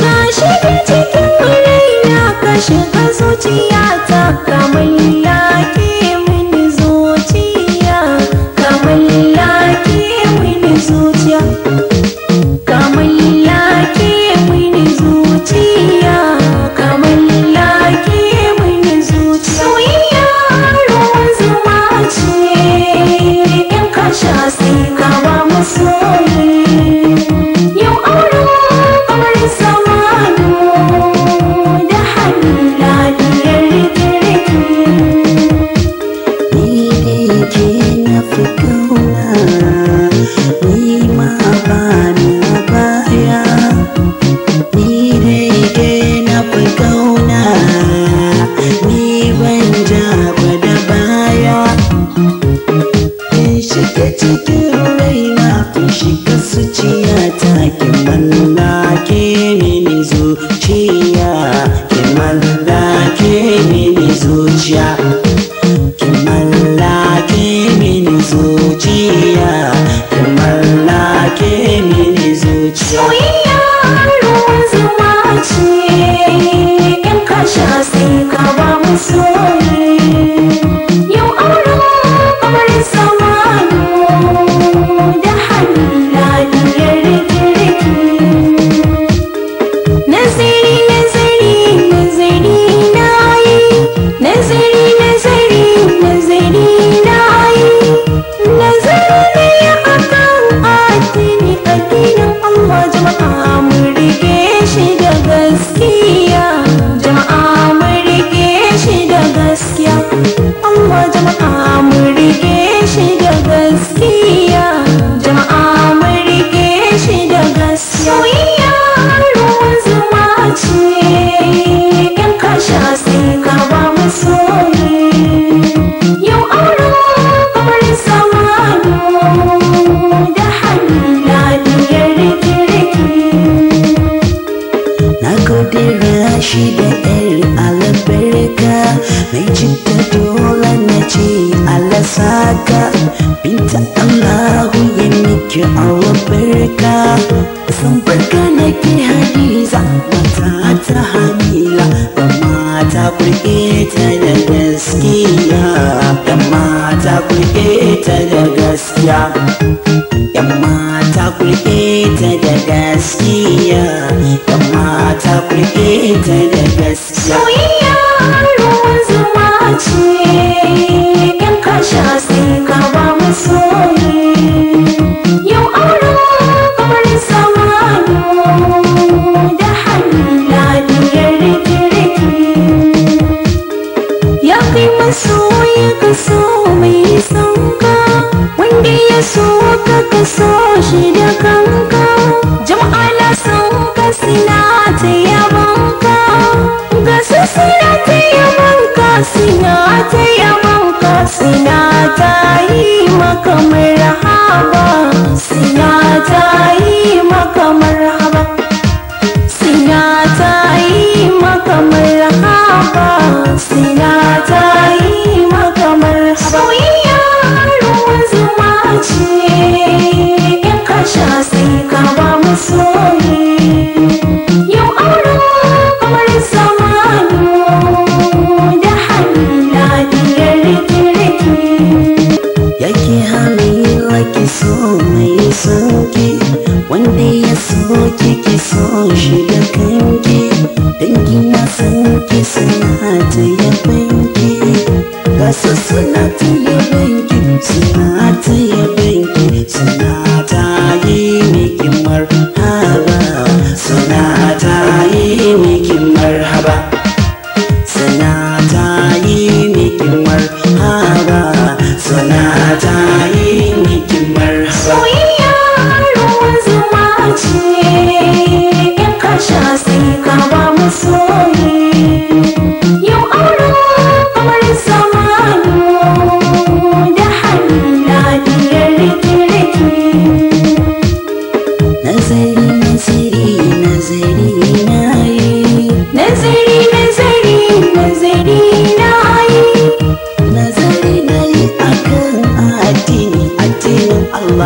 Ba shi menene zuciya soyayya ruwan zuma ce in ka sha sai ka ba mu soyayya que a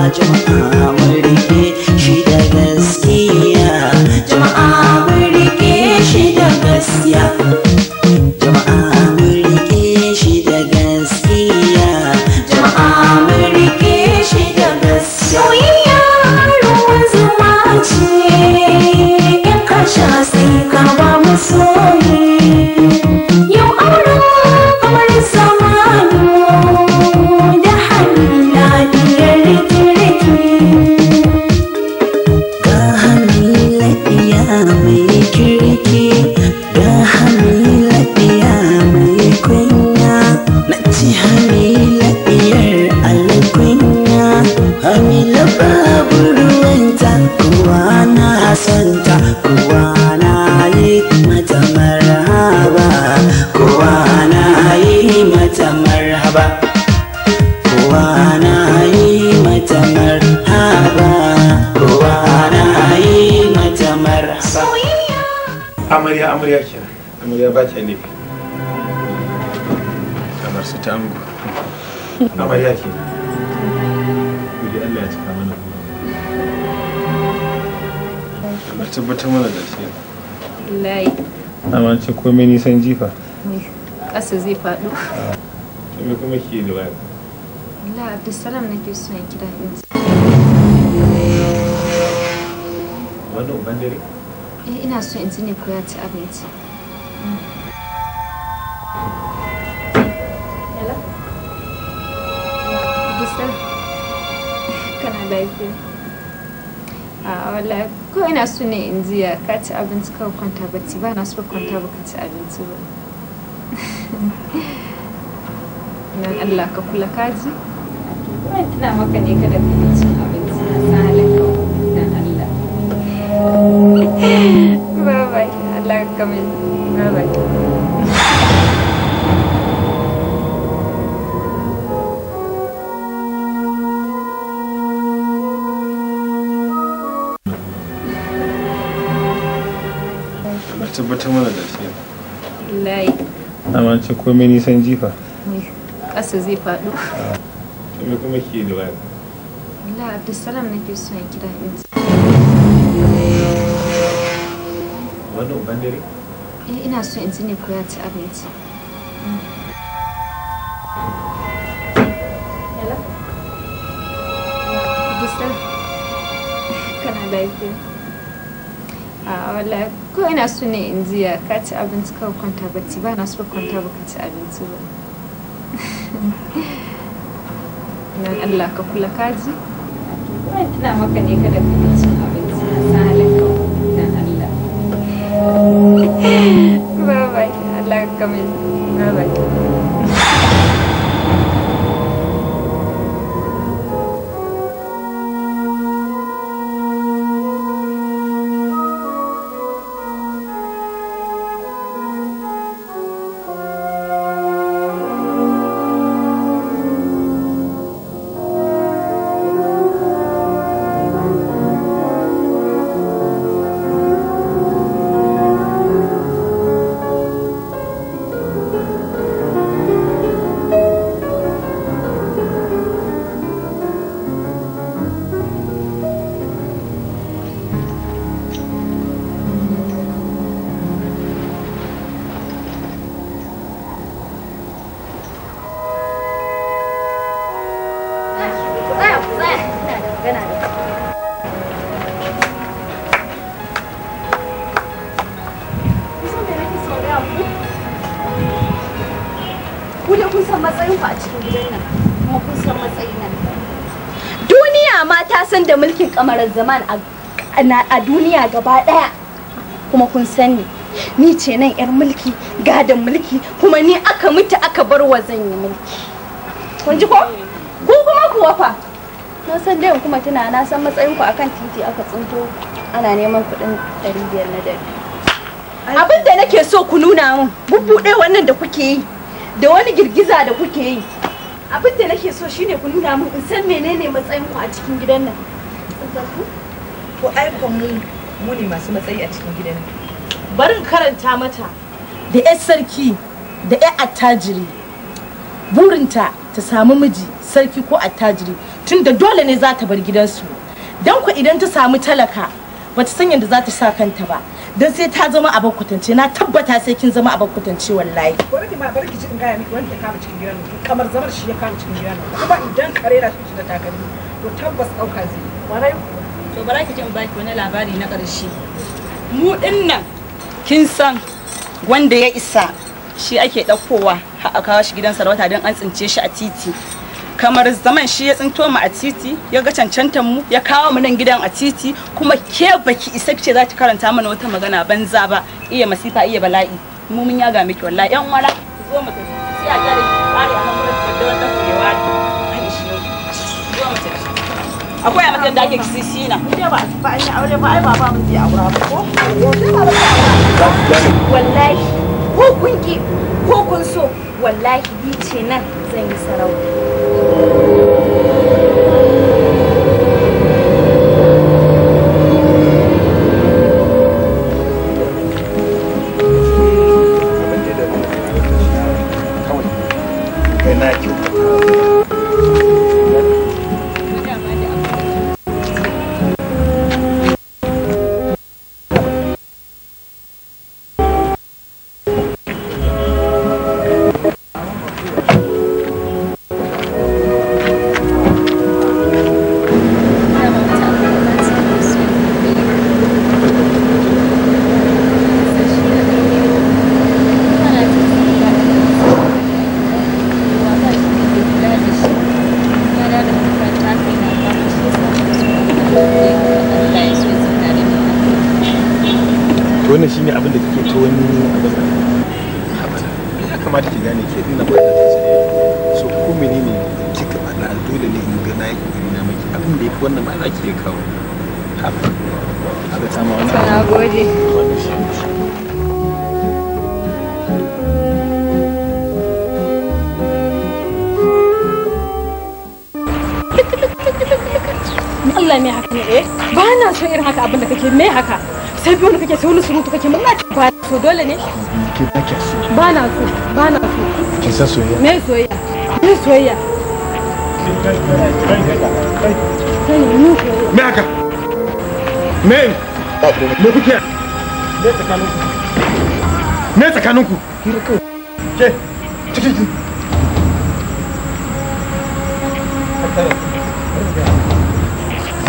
Rádio da kamar su ta angu na bari yake kudi allah ya cika mana kuma kamar tabbatar mana da shi layi amma ce komai nisan jifa ƙasa zai faɗo kuma kuma ke da bayan Allah Abdulsalam nake so in kira yanzu. Wani uban dare? Eh ina so in ji ne ko ya ci abinci. lafiya a wala ko ina so ne in jiya ka ci abinci ka kwanta bacci ba na so kwanta ba ka ci abinci ba nan Allah ka kula kaji kuma tana maka ne kada ka yi cin abinci a san ka nan Allah bye bye Allah ka kame bye bye tabbatar mana da shi komai nisan jifa ƙasa zai faɗo kuma ke waya nake so in kira eh, ina so in ne ko ya ci abinci wala ko ina so ne in jiya ka ci abinci kawo kwanta bacci ba na so kwanta ba ka ci abinci ba nan Allah ka kula kaji ina maka ne kada ka yi cin abinci na sahalin ka nan Allah bye bye Allah ka mai bye bye kamarar zaman a duniya gaba daya kuma kun sani ni ce nan yar mulki gadon mulki kuma ni aka mutu aka bar wa zan yi mulki kun ji ko ku kuma kuwa fa na san dai kuma tana na san matsayin ku akan titi aka tsinto ana neman kuɗin 500 na dare abin da nake so ku nuna min bubbuɗe wannan da kuke yi da wani girgiza da kuke yi abin da nake so shine ku nuna min in san menene matsayin ku a cikin gidan nan ku ko ai mu muni masu matsayi a cikin gidan barin karanta mata da 'yar sarki da 'yar attajiri burinta ta samu miji sarki ko attajiri tunda dole ne za ta bar gidansu don ku idan ta samu talaka bata san yadda za ta sa kanta ba don sai ta zama a bakwatance na tabbata sai kin zama a bakwatance wallahi bari ki ma bari ki cikin gaya miki wanda ya kama cikin gidan kamar zamar shi ya kama cikin gidan kuma idan kare na shi da takalmi to tabbas dauka zai yi. to bara ki ji baki wani labari na ƙarshe mu dinnan kin san wanda ya isa shi ake ɗaukowa har a kawo shi gidan sarauta don an tsince shi a titi kamar zaman shi ya tsinto mu a titi ya ga cancantan mu ya kawo mu nan gidan a titi kuma ke baki isa ce za ki karanta mana wata magana banza ba iya masifa iya bala'i mu mun ya ga miki wallahi yan wala zo mu tafi sai a gyara ki kare a nan da wannan kurewa akwai a matan da ake kisi shi na ba an yi aure ba ai baba mun je aura ba ko wallahi ko kun ki ko kun so wallahi ni ce nan zan yi sarauta Allah me haka ne eh ba na so irin haka abin da kake me haka sai biyu kake sai wani surutu kake mun lati ba to dole ne ke ba ki so ba na so ba na so ki sa soyayya me soyayya me soyayya me haka me me kuke me tsakaninku me tsakaninku ke ciki ciki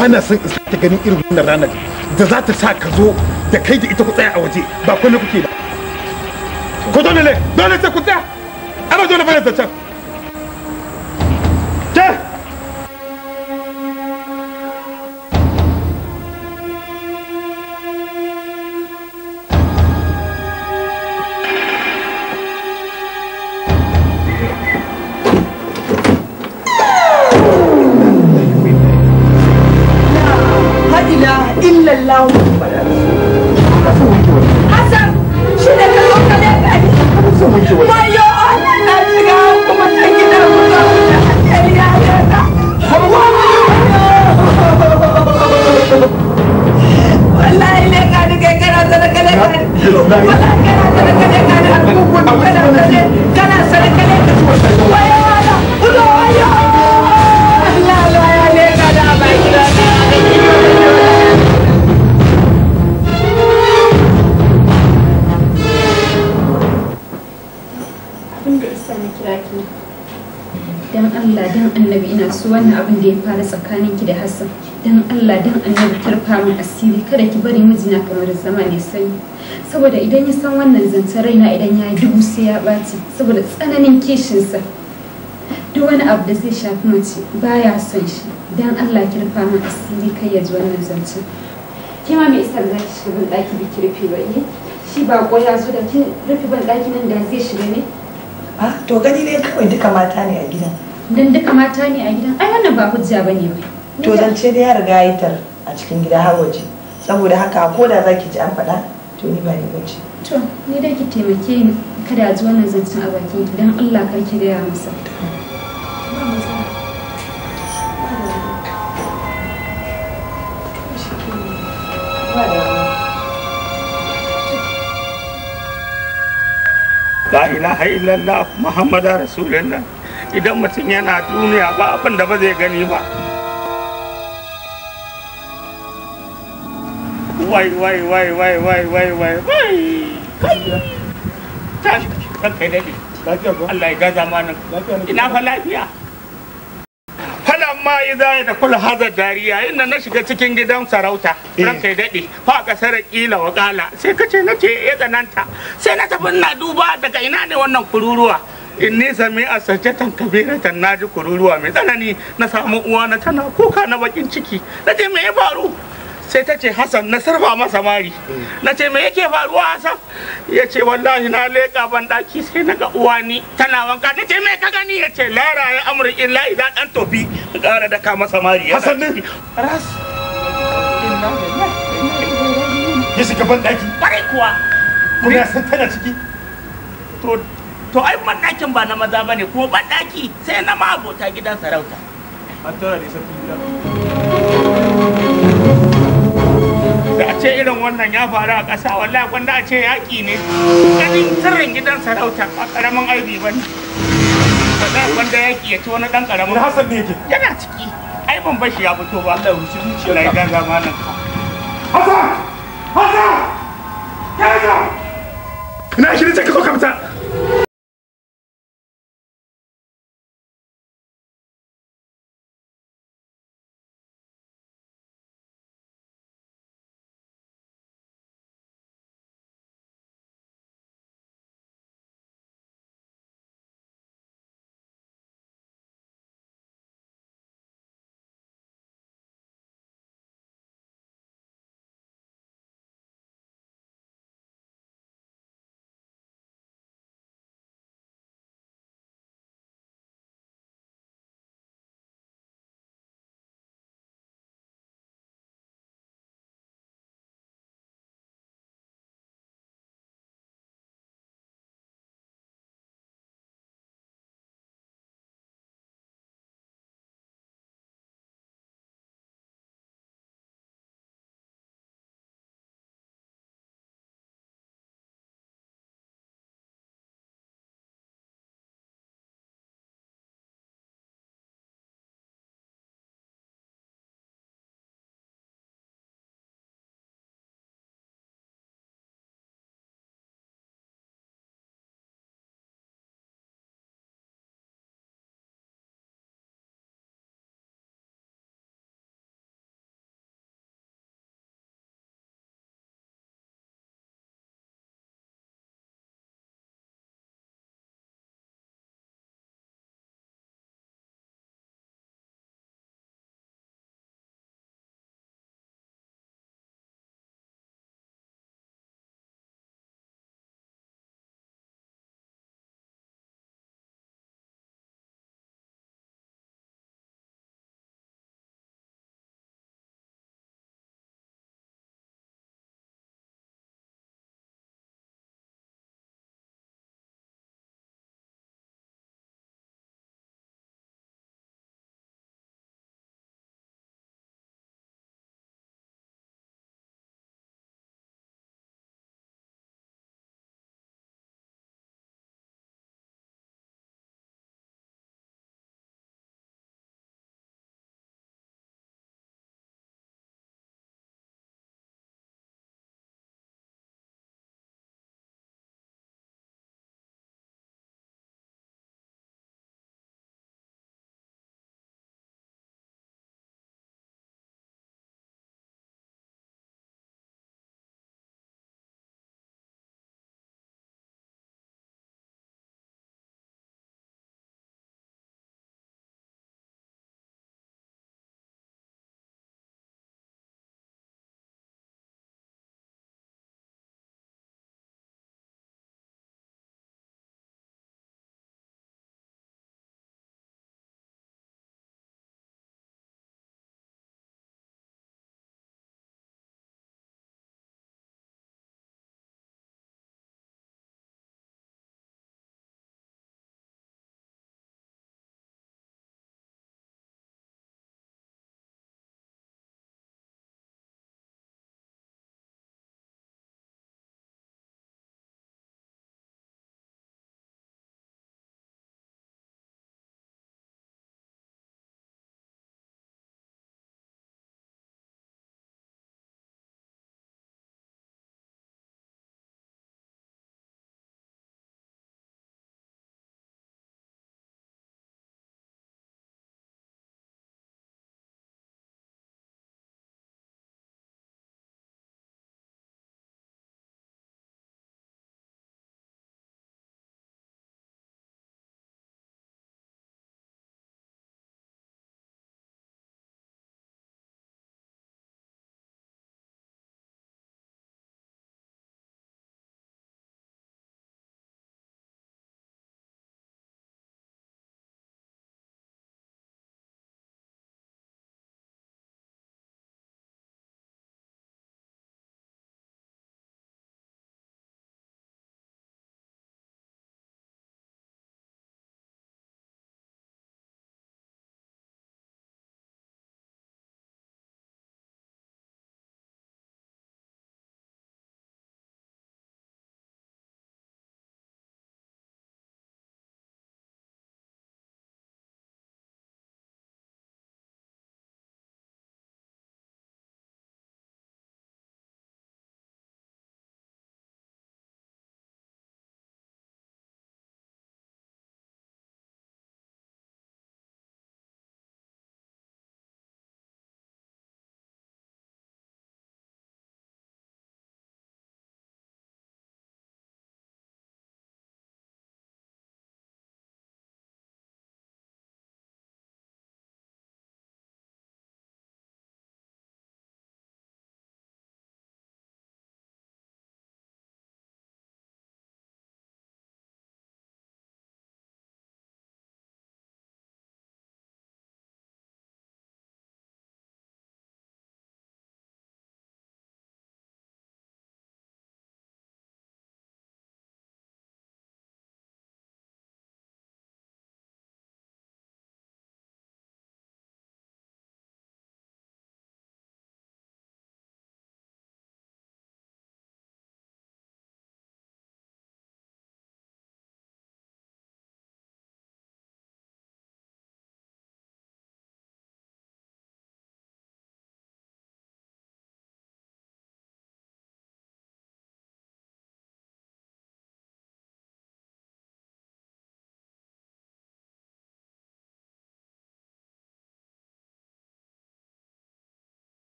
bana son in sake ganin irin wannan ranar da za ta sa ka zo da kai da ita ku tsaya a waje ba kwallo kuke ba ko dole ne dole sai ku tsaya ana dole bane zancen wannan abin da ya fara tsakanin ki da Hassan dan Allah dan annabi tarfa min asiri kada ki bari mijina kamar zama ne sani saboda idan ya san wannan zantar raina idan ya dubu sai ya ɓaci saboda tsananin kishinsa duk wani abu da zai shafi mace baya son shi dan Allah ki rufa min asiri kai ya ji wannan zance. ki ma me isa da zaki shiga ban daki bi ki rufe ba ne eh? shi ba ko ya zo da ki rufe ban daki nan da zai shiga ne ah to gani ne kawai duka mata ne a gidan dan duka mata ne a gidan ai wannan ba hujja ne ba to zance da ya riga yi tar a cikin gida har waje saboda haka ko da zaki ji an faɗa to ni ba ni bace to ni dai ki taimake ni kada a ji wannan zancen a bakin ki dan Allah kar ki gaya masa La ilaha illallah Muhammadar Rasulullah idan mutum yana duniya ba abin da ba zai gani ba wai wai wai wai wai wai wai wai tashi kan kai Allah ya da kula dariya inda na shiga cikin gidan sarauta eh. ran kai dade fa ka ƙasar kila wa kala sai kace nace ya eh, tsananta sai na tafi ina duba daga ina ne wannan kururuwa nisa mai a sajjatan kabiratan na ji kururuwa mai tsanani na samu uwana tana kuka na bakin ciki na ce me faru sai ta ce hassan na sarfa masa mari na ce me yake faruwa hassan ya ce wallahi na leƙa ban ɗaki sai na ga uwani tana wanka na ce me ka gani ya ce lara ya amurin illa idan ɗan tofi ƙara da ka masa mari hassan ne ras ya shiga ban ɗaki ƙwarai kuwa kuma ya san tana ciki to to ai ban ba na maza bane ko ban ɗaki sai na ma abota gidan sarauta da a ce irin wannan ya faru a ƙasa wallahi gwanda a ce yaƙi ne ƙarin tarin gidan sarauta a ƙaramin aibi ba ne wanda gwanda yaƙi ya ci wani ɗan ƙaramin hasan ne yake yana ciki ai ban bashi ya fito ba Allah wuce zuciyar na idan zamanin ka hasan hasan kaga ina shirin ka zo ka fita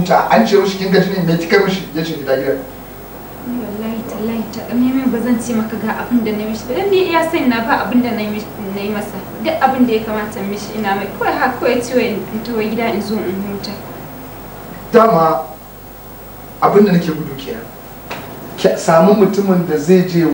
huta an ce mishi kin gaji ne kika mishi ya ce gida gida wallahi tallahi ga abin da na mishi sani na ba abin da na yi ya kamata mishi ina mai nake gudu kenan samu mutumin da zai je